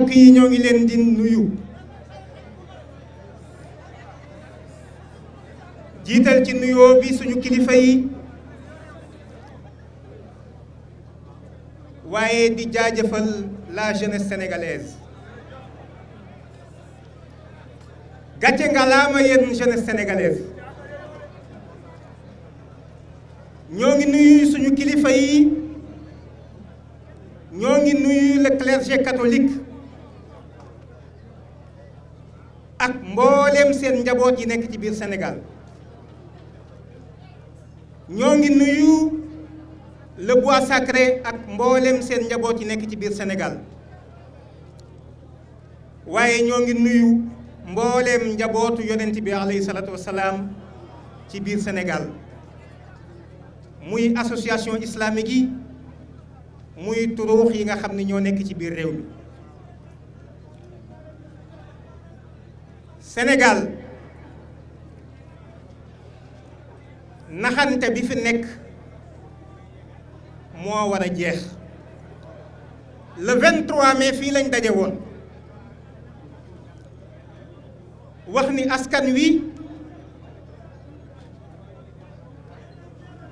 mbokk yi ñoo ngi leen di nuyu jiital ci nuyoo bi suñu kilifa yi waaye di jaajëfal la jeunesse sénégalaise gàcce ngalaama yéen jeunesse sénégalaise ñoo ngi nuyu suñu kilifa yi ñoo ngi nuyu le clergé catholique ak mbooleem seen njaboot yi nekk ci biir Sénégal ñoo ngi nuyu le bois sacré ak mbooleem seen njaboot yi nekk ci biir Sénégal waaye ñoo ngi nuyu mbooleem njabootu yonent bi alayhi salaatu wasalaam ci biir Sénégal muy association islamique yi muy turuux yi nga xam ne ñoo nekk ci biir réew mi Sénégal naxante bi fi nekk moo war a jeex le 23 mai fii lañ daje woon wax ni askan wi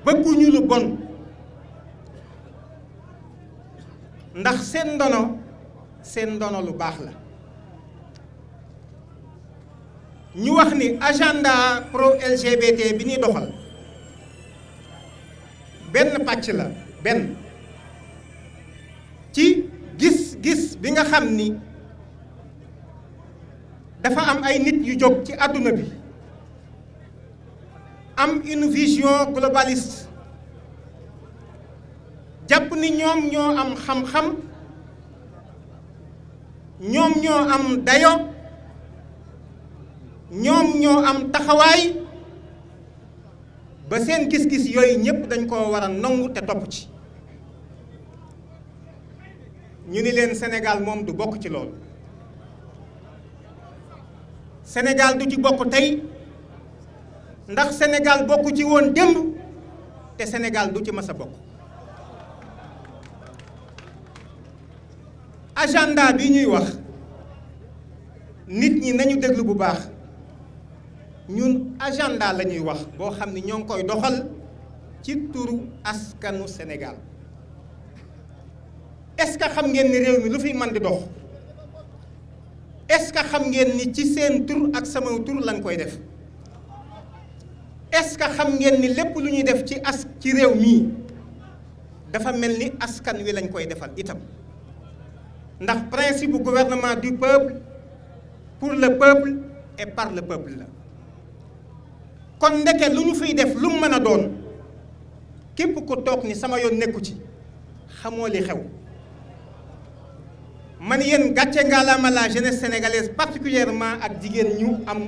bëgguñu lu bon ndax seen ndono seen ndono lu baax la ñu wax ni agenda pro LGBT bi ñuy doxal benn pàcc la benn ci gis-gis bi nga xam ni dafa am ay nit yu jóg ci àdduna bi am une vision globaliste jàpp ni ñoom ñoo am xam-xam ñoom ñoo am dayo ñoom ñoo am taxawaay ba seen gis-gis yooyu ñëpp dañ koo wara a te topp ci ñu ni leen senegaal moom du bokk ci loolu Sénégal du ci bokk tey ndax Sénégal bokku ci woon démb te Sénégal du ci mës a bokk agenda bi ñuy wax nit ñi nañu déglu bu baax ñun agenda la ñuy wax boo xam ne ñoo ngi koy doxal ci turu askanu Sénégal est-ce que xam ngeen ni réew mi lu fi man di dox est-ce que xam ngeen ni ci seen tur ak sama tur lañ koy def est-ce que xam ngeen ni lépp lu ñuy def ci as ci réew mii dafa mel ni askan wi lañ koy defal itam ndax principe bu gouvernement du peuple pour le peuple et par le peuple la kon ndeke lu ñu fiy def lu mu mën a doon képp ku toog ni sama yoon nekku ci xamoo li xew man yéen gàcce ngaalaama la jeunesse sénégalaise particulièrement ak jigéen ñu am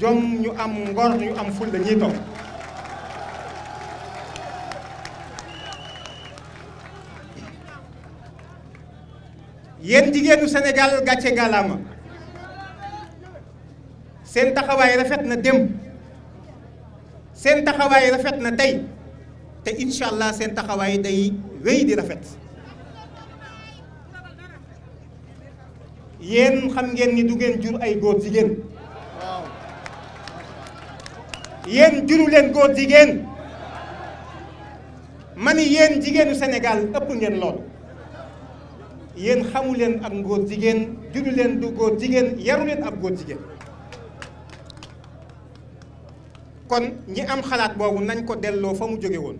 jom ñu am ngor ñu am fulla ñuy toog yéen jigéenu Sénégal gàcce ngaalaama seen taxawaay rafet na dem seen taxawaay rafet na tey te incha allah seen taxawaay day wéy di rafet yeen xam ngeen ni du ngeen jur ay góor jigéen yéen juru leen góor jigéen man ni yéen jigéenu Sénégal ëpp ngeen lool yéen xamu leen ak góor jigéen juru leen du góor jigéen yaru leen ab góor jigéen kon ñi am xalaat boobu nañ ko delloo fa mu jóge woon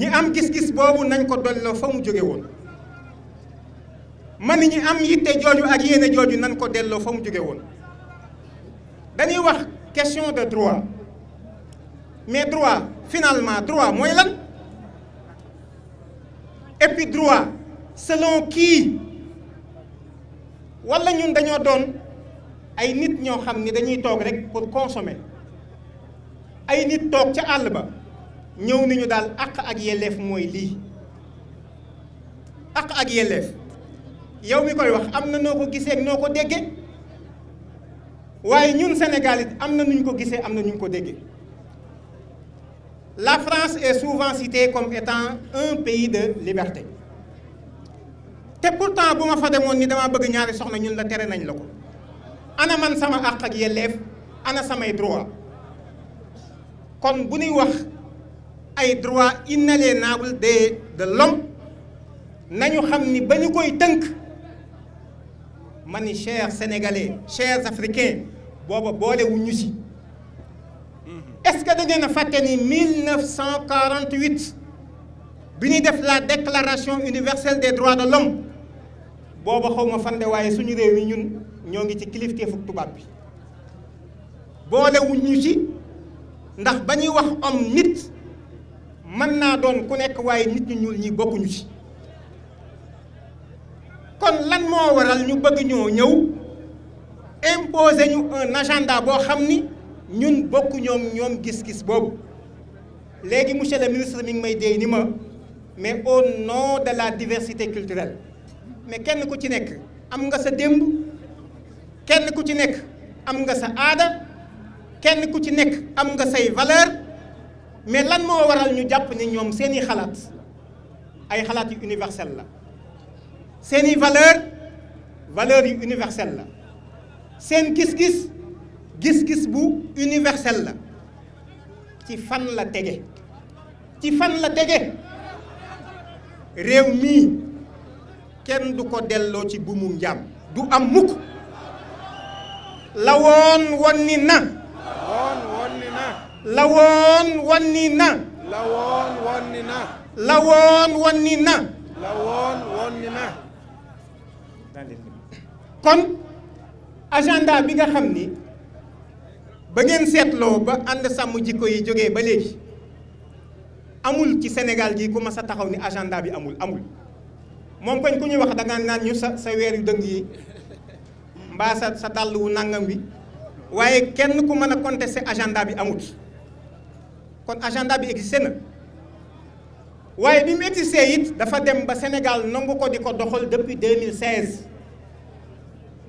ñi am gis-gis boobu nañ ko delloo fa mu jóge woon man ñi am yitte jooju ak yéene jooju nañ ko delloo fa mu jóge woon dañuy wax question de droit mais droit finalement droit mooy lan et puis droit selon kii walla ñun dañoo doon ay nit ñoo xam ni dañuy toog rek pour consommer ay nit toog ca àll ba ñëw ni ñu daal àq ak yelleef mooy lii àq ak yelleef yow mi koy wax am na noo ko gisee ak noo ko dégge waaye ñun Sénégal am na nuñ ko gisee am na ñu ko déggee la France est souvent citée comme étant un pays de liberté te pourtant bu ma fa demoon ni dama bëgg ñaari soxna ñun la tere nañ la ko ana man sama àq ak yelleef ana samay droit kon bu ñuy wax ay droit inaliénable de de l'homme nañu xam ni ba ñu koy tënk ma ni chers sénégalais chers africains booba boolewuñ ñu si mm-hmm. est-ce que da ngeen a fàtte ni 1948 bi ñuy def la déclaration universelle des droits de l'homme booba xaw fande waaye suñu réew yi ñun ñoo ngi ci kilifteefuk tubaab bi boolewuñ ñu ci ndax ba ñuy wax homme nit mën naa doon ku nekk waaye nit ñu ñuul ñi bokkuñu ci kon lan moo waral ñu bëgg ñoo ñëw imposer ñu un agenda boo xam ni ñun bokku ñoom gis-gis boobu léegi monsieur le ministre mi ngi may dey ni ma mais au noo de la diversité culturelle mais kenn ku ci nekk am nga sa démb kenn ku ci nekk am nga sa aada kenn ku ci nekk am nga say valeur mais lan moo waral ñu jàpp ni ñoom seeni xalaat ay xalaat yu universel la seeni valeur valeur yu universel la seen gis-gis gis-gis bu universel la ci fan la tege ci fan la tege réew mii kenn du ko delloo ci buumu njaam du am mukk lawoon wonni na lawoon na lawoon wonni na lawoon wonni na na lawoon wonni kon agenda bi nga xam ni ba ngeen seetloo ba ànd sàmm jikko yi jógee ba léegi amul ci senegal gi ku mas a taxaw ni agenda bi amul amul moom koñ ku ñu wax da nga naan ñu sa sa weer yu dëng yi mbaa sa sa dàll wu nangam wi waaye kenn ku mën a contester agenda bi amut kon agenda bi existé na waaye bi mu existé it dafa dem ba Sénégal nangu ko di ko doxal depuis 2016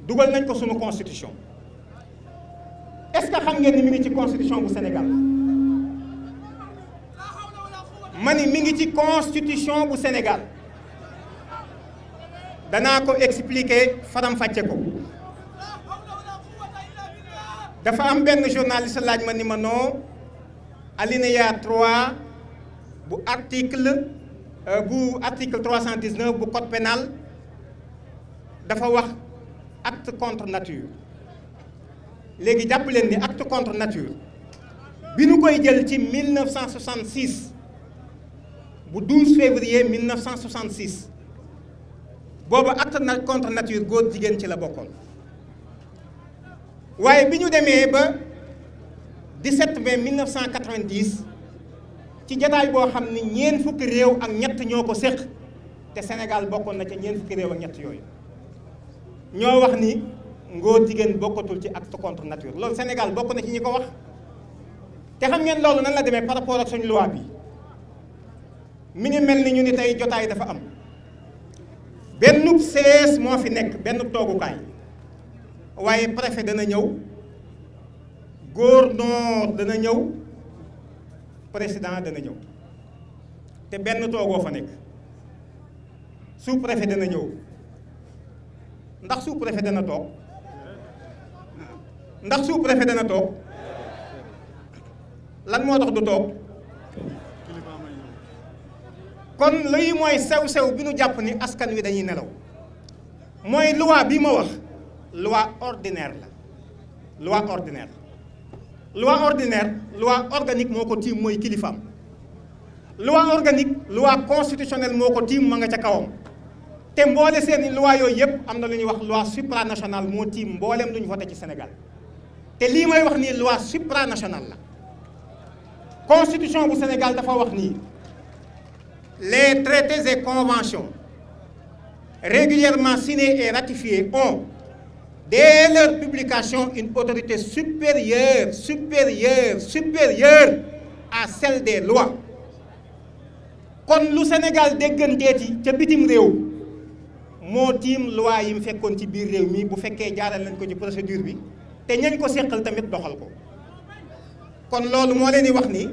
dugal nañ ko sunu constitution est-ce que xam ngeen ni mi ngi ci constitution bu Sénégal ma ni mi ngi ci constitution bu Sénégal danaa ko expliquer faram fàcce ko. dafa am benn journaliste laaj ma ni ma non alinéa 3 bu article euh, bu article 319 bu code pénal dafa wax acte contre nature léegi jàpp leen ni acte contre nature bi nu koy jël ci 1966 bu 12 février 1966 boobu acte contre nature góor jigéen ci la bokkoon waaye bi ñu demee ba 17 mai 1990 ci jataay boo xam ni ñeen fukki réew ak ñett ñoo ko séq te senegal bokkoon na ci ñeen fukki réew ak ñett yooyu ñoo wax ni ngóor jigéen bokkatul ci acte contre nature loolu senegal bokk na ci ñi ko wax te xam ngeen loolu na la demee par rapport ak suñu loi bi mi ngi mel ni ñu ni tey jotaay dafa am benn sees moo fi nekk benn toogukaay waaye préfet dana ñëw gouverneur dana ñëw président dana ñëw te benn toogoo fa nekk sous préfet dana ñëw ndax sous préfet dana toog ndax sous préfet dana toog lan moo tax du toog kon luy mooy sew sew bi nu jàpp ni askan wi dañuy nelaw mooy loi bii ma wax loi ordinaire la loi ordinaire loi ordinaire loi organique moo ko tiim mooy kilifaam loi organique loi constitutionnelle moo ko tiim ma nga ca kawam te mboole seeni loi yooyu yëpp am na lu ñu wax loi supranationale moo tiim mbooleem lu ñu voté ci Sénégal te lii may wax nii loi supranationale la constitution bu Sénégal dafa wax nii les traités et conventions régulièrement signés et ratifiés ont de leur publication une autorité supérieure supérieure supérieure à celle des lois kon lu Sénégal dégganteeti ca bitim réew moo tiim loi yi mu fekkoon ci biir réew mi bu fekkee jaaral nañ ko ci procédure bi te ñañ ko seqal tamit doxal ko kon loolu moo leen di wax ni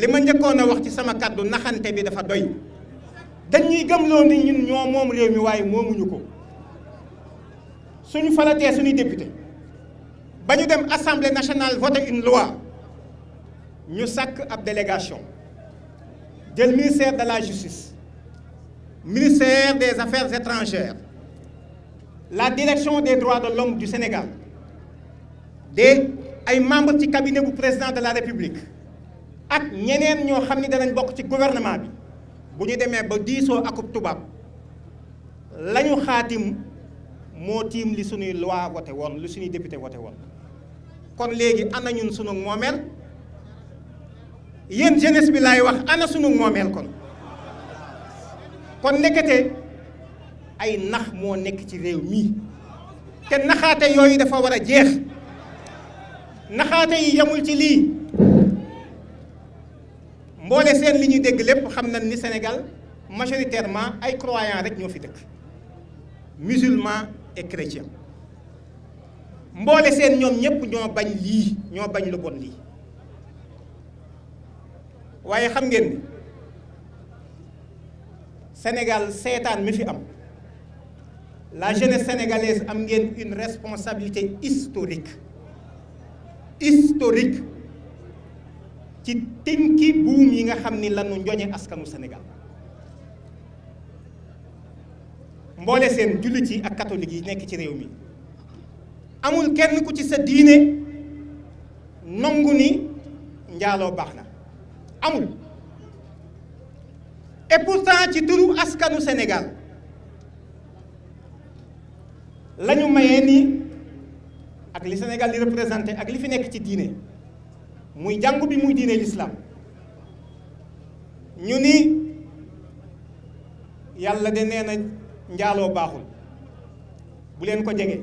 li ma njëkkoon a wax ci sama kàddu naxante bi dafa doy dañuy gëmloo ni ñun ñoo moom réew mi waaye moomuñu ko suñu falatee suñuy député ba ñu dem assemblée nationale voter une loi ñu sakk ab délégation jël ministère de la justice ministère des affaires étrangères la direction des droits de l'homme du Sénégal des ay membres ci cabinet bu président de la république ak ñeneen ñoo xam ni danañ bokk ci gouvernement bi bu ñu demee ba diisoo akub tubaab la xaatim moo tiim li suñuy loi voté woon li suñuy député voté woon kon léegi ana ñun suñu moomeel yéen jeunesse bi laay wax ana sunu moomeel kon kon nekkate ay nax moo nekk ci réew mii te naxaate yooyu dafa war a jeex naxaate yi yemul ci lii mboole seen li ñuy dégg lépp xam nañ ni Sénégal majoritairement ay croyants rek ñoo fi dëkk musulmans et chrétiens mboole seen ñoom ñëpp ñoo bañ lii ñoo bañ lu bon lii waaye xam ngeen ni Sénégal seetaan mi fi am la jeunesse sénégalaise am ngeen une responsabilité historique historique ci tënki buum yi nga xam ni lanu njoñe askanu Sénégal mboole seen jullit ci ak katolik yi nekk ci réew mi amul kenn ku ci sa diine nangu ni njaaloo baax na amul et pourtant ci turu askanu senegal lañu ñu mayee ni ak li Sénégal di représenté ak li fi nekk ci diine muy jàngu bi muy diine lislaam ñu ni yàlla de nee na njaaloo baaxul bu leen ko jege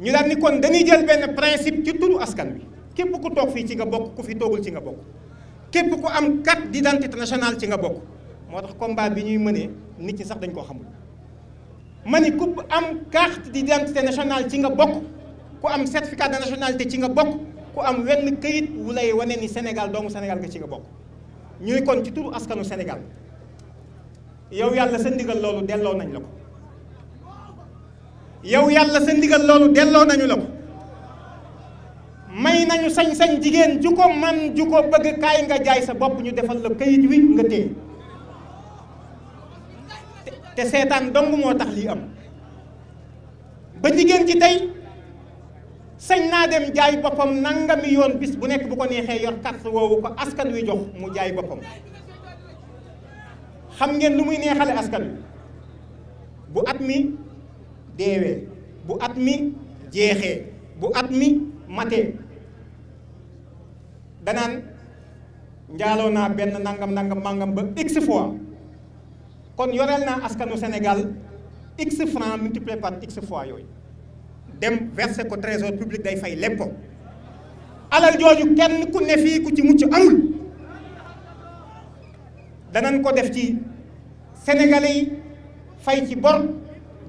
ñu daal ni kon dañuy jël benn principe ci turu askan wi képp ku toog fii ci nga bokk ku fi toogul ci nga bokk képp ku am carte d'identité nationale ci nga bokk moo tax combat bi ñuy mënee nit ñi sax dañ koo xamul ma ni ku am carte d'identité nationale ci nga bokk ku am certificat de nationalité ci nga bokk ku am wenn kayit wu lay wane ni Sénégal doomu Sénégal nga ci nga bokk ñuy kon ci turu askanu Sénégal yow yàlla sa ndigal loolu delloo nañ la ko yow yàlla sa ndigal loolu delloo nañu la ko may nañu sañ-sañ jigéen ju ko man ju ko bëgg kaay nga jaay sa bopp ñu defal la kayit wi nga téye te seetaan dong moo tax lii am ba jigéen ci tey sañ naa dem jaay boppam nangami yoon bis bu nekk bu ko neexee yor carte woowu ko askan wi jox mu jaay boppam xam ngeen lu muy neexale askan bu at mi deewee bu at mi jeexee bu at mi matee danaan njaaloo naa benn nangam nangam mangam ba x fois kon yoreel naa askanu Sénégal x franc multiplié par x fois yooyu dem versé ko trésor public day fay lépp ko alal jooju kenn ku ne fii ku ci mucc amul danañ ko def ci sénégalais yi fay ci bor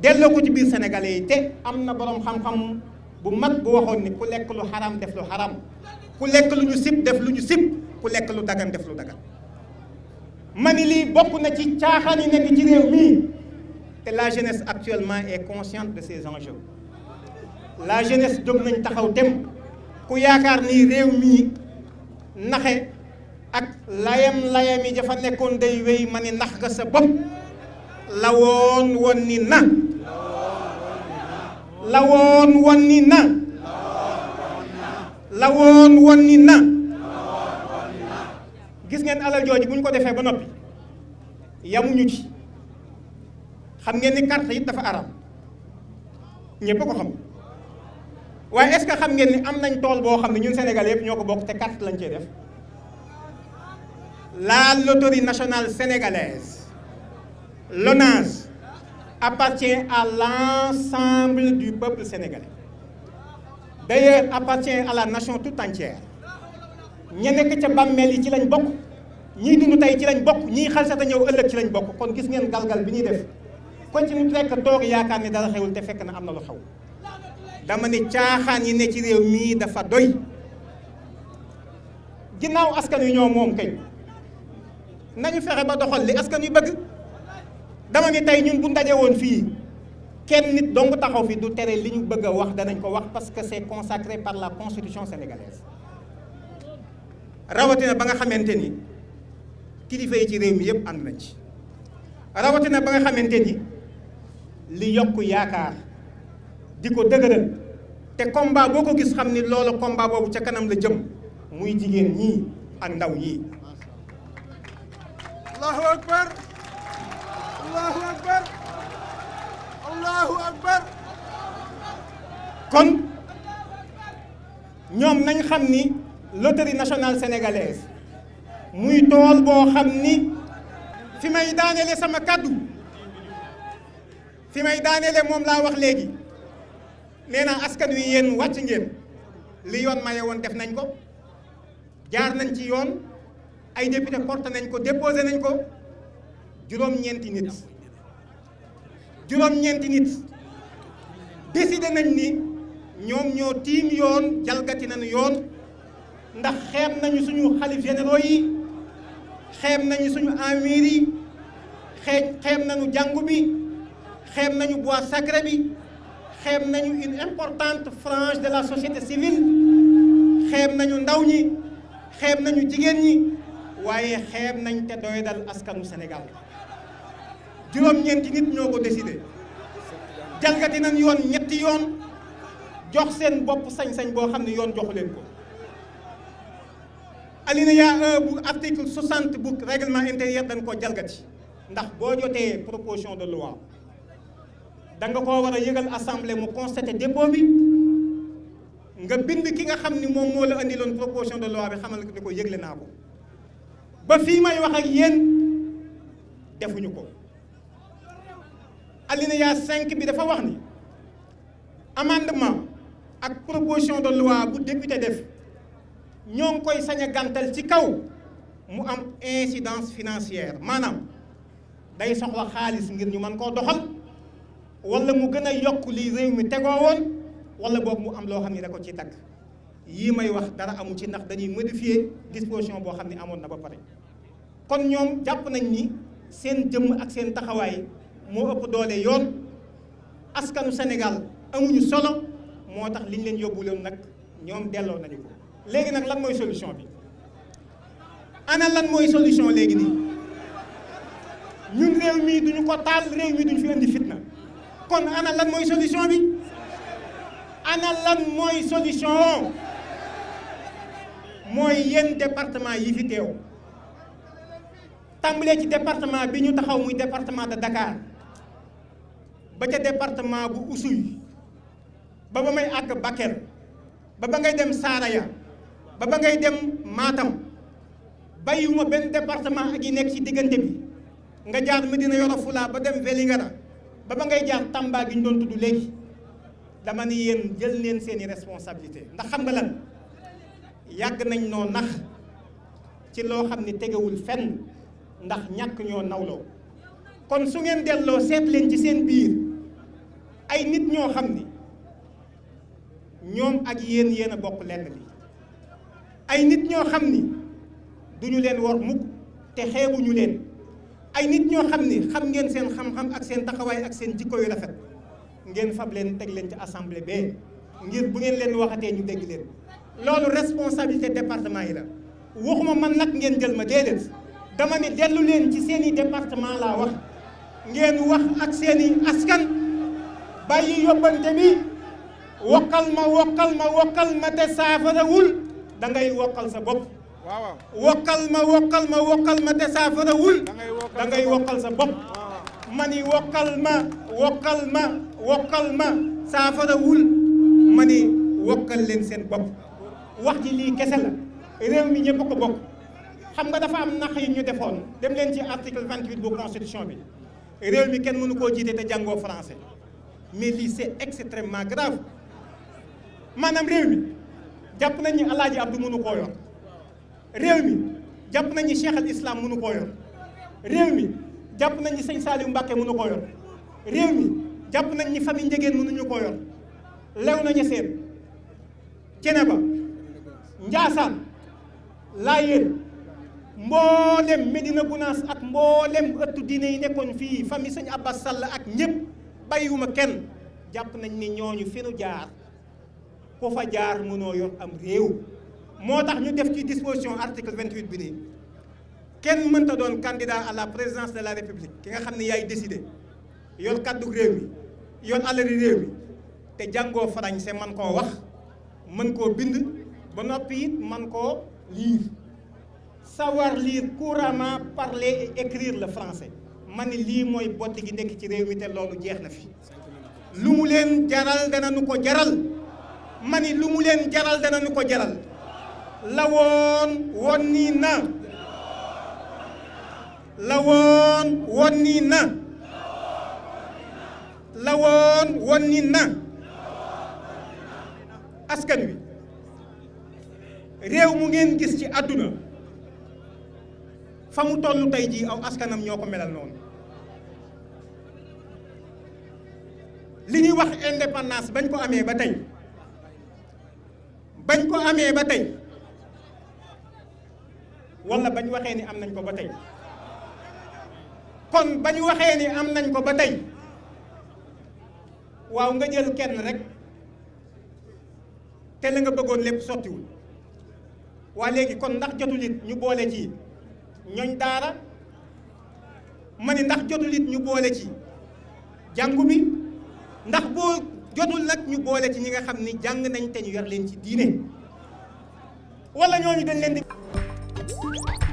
delloo ko ci biir sénégalais yi te am na boroom xam-xam bu mag bu waxoon ni ku lekk lu xaram def lu xaram ku lekk lu ñu sib def lu ñu sib ku lekk lu dagan def lu dagan ma ni lii bokk na ci caaxaan yi nekk ci réew mii te la jeunesse actuellement est consciente de ces enjeux la jeunesse jóg nañ taxaw tem ku yaakaar ni réew mii naxe ak layam layam yi dafa nekkoon day wéy ma ne nax nga sa bopp lawoon woon na lawoon woon ni na lawoon woon ni na gis ngeen alal jooju bu ñu ko defee ba noppi yamuñu ci xam ngeen ni carte yi dafa aram ñëpp a ko xam waaye est-ce xam ngeen ni am nañ tool boo xam ne ñun Sénégal yëpp ñoo ko bokk te carte lañ cee def la loterie nationale sénégalaise, l'ONAS, appartient à l'ensemble du peuple sénégalais. D'ailleurs, appartient à la nation tout entière. ña nekk ca bàmmeel yi ci lañ bokk ñii dund tey ci lañ bokk ñii xalsata ñëw ëllëg ci lañ bokk kon gis ngeen galgal bi ñuy def kon ci ñu rekk toog yaakaar ni dara xewul te fekk na am na lu xew dama ne caaxaan yi ne ci réew mii dafa doy ginnaaw askan wi ñoo moom kay nañu fexe ba doxal li askan wi bëgg dama ni tey ñun bu ndaje woon fii kenn nit dong taxaw fi du tere li ñu bëgg wax danañ ko wax parce que c'est consacré par la constitution sénégalaise rawatina ba nga xamante ni kilifa yi ci réew mi yëpp ànd na ci rawatina ba nga xamante ni li yokk yaakaar di ko dëgëral te combat boo ko gis xam ni loolu combat boobu ca kanam la jëm muy jigéen ñii ak ndaw yii allahu akbar allahu akbar allahu kon ñoom nañ xam ni loterie national sénégalaise muy tool boo xam ni fi may daanele sama kàddu fi may daanele moom laa wax léegi nee naa askan wi yéen wàcc ngeen li yoon maye woon def nañ ko jaar nañ ci yoon ay député porté nañ ko déposé nañ ko juróom-ñeenti nit juróom-ñeenti nit décidé nañ ni ñoom ñoo tiim yoon jalgati nanu yoon ndax xeeb nañu suñu xalif généraux yi xeeb nañu suñu amir yi xee xeeb nañu jàngu bi xeeb nañu bois sacré bi xeeb nañu une importante frange de la société civile xeeb nañu ndaw ñi xeeb nañu jigéen ñi waaye xeeb nañ te doy dal askanu Sénégal juróom-ñeenti nit ñoo ko décidé jalgati nañ yoon ñetti yoon jox seen bopp sañ-sañ boo xam ne yoon joxu leen ko alinéa 1 bu article 60 bu règlement intérieur dañ ko jalgati ndax boo jotee proposition de loi da nga koo war a yëgal assemblée mu constaté dépôt bi nga bind ki nga xam ni moom moo la andiloon proposition de loi bi xamal ni ko yëgle naa ko ba fii may wax ak yéen defuñu ko alinéa 5 bi dafa wax ni amendement ak proposition de loi bu député def ñoo ngi koy sañ a gàntal ci kaw mu am insidence financière maanaam day soxla xaalis ngir ñu mën koo doxal wala mu gën a yokk li réew mi tegoo woon wala boobu mu am loo xam ne da ko ci takk yii may wax dara amu ci ndax dañuy modifier disposition boo xam ne amoon na ba pare kon ñoom jàpp nañ ni seen jëmm ak seen taxawaay moo ëpp doole yoon askanu Sénégal amuñu solo moo tax liñ leen yóbbuloon nag ñoom delloo nañu ko léegi nag lan mooy solution bi ana lan mooy solution léegi nii ñun réew ko taal réew mii duñu fitna kon ana lan mooy solution bi ana lan mooy solution mooy yenn département yi fi teew tàmbalee ci département bi ñu taxaw muy département de Dakar ba ca département bu Oussouye ba ba may àgg Bakel ba ba ngay dem saara Saraya ba ba ngay dem Matam bàyyiwuma benn département ak yi nekk ci diggante bi nga jaar Medina dina Fula ba dem Vélingara ba ba ngay jaar Tamba gi ñu doon tudd léegi dama ne yéen jël leen seeni responsabilité ndax xam nga lan yàgg nañ noo nax ci loo xam ne tegewul fenn ndax ñàkk ñoo nawloo kon su ngeen delloo seet leen ci seen biir ay nit ñoo xam ni ñoom ak yéen yéen a bokk lenn li ay nit ñoo xam ni duñu leen war mukk te xeebuñu leen ay nit ñoo xam ni xam ngeen seen xam-xam ak seen taxawaay ak seen jikko yu rafet ngeen fab leen teg leen ci assemblée bee ngir bu ngeen leen waxatee ñu dégg leen loolu responsabilité département yi la waxuma man nag ngeen jël ma déedéet dama ne dellu leen ci seeni i département laa wax ngeen wax ak seen i askan bàyyi yóbbante bi wokkal ma wokkal ma wokkal ma te saafarawul da wokkal sa bopp waaw wokkal ma wokkal ma wokkal ma te wokkal sa bopp ma ni wokkal ma wokkal ma wokkal ma saafarawul ma ni wokkal leen seen bopp wax ji lii kese la réew mi ñëpp ko bokk xam nga dafa am nax yi ñu defoon dem leen ci article 28 bu constitution bi réew mi kenn mënu koo jiite te jàngoo français mais lii c'est extrêmement grave maanaam réew mi jàpp nañu ne Alaaji Abdou ab koo yor réew mi jàpp nañu Cheikh al Islam mënu koo yor réew mi jàpp ñi Sëñ Saaliu Mbàkke mënu koo yor réew mi jàpp nañ ni famille njegeen mënuñu koo yor lew na ñeseen Ceneba Njaasaan Laayeen mboolem Medina Gounass ak mboolem ëttu diine yi nekkoon fii famille sëñ Abbas Sall ak ñëpp bàyyiwuma kenn jàpp nañ ni ñooñu fi nu jaar ku fa jaar mënoo yor am réew moo tax ñu def ci disposition article 28 bi nii kenn mënta doon candidat à la présidence de la république ki nga xam ne yaay décidé yor kàddu réew mi yor alali réew mi te jàngoo farañ français man koo wax mën koo bind ba noppi it man koo lire sawar lii couramment parler et la le français ma ni lii mooy botti gi nekk ci réew mi te loolu jeex na fi lu mu leen jaral dana nu ko jaral ma lu mu leen jaral dana nu ko jaral la woon woon nii na la woon woon nii na la nii na askan wi réew mu ngeen gis ci àdduna fa mu toll tey jii aw askanam ñoo ko melal noonu li ñuy wax indépendance bañ ko amee ba tey bañ ko amee ba tey walla bañ waxee ni am nañ ko ba tey kon bañ waxee ni am nañ ko ba tey waaw nga jël kenn rek te la nga bëggoon lépp sottiwul waa léegi kon ndax jotul it ñu boole ci ñooñ daara ma ni ndax jotul it ñu boole ci jàngu bi ndax boo jotul nag ñu boole ci ñi nga xam ni jàng nañ te ñu yar leen ci diine wala ñooñu dañ leen di.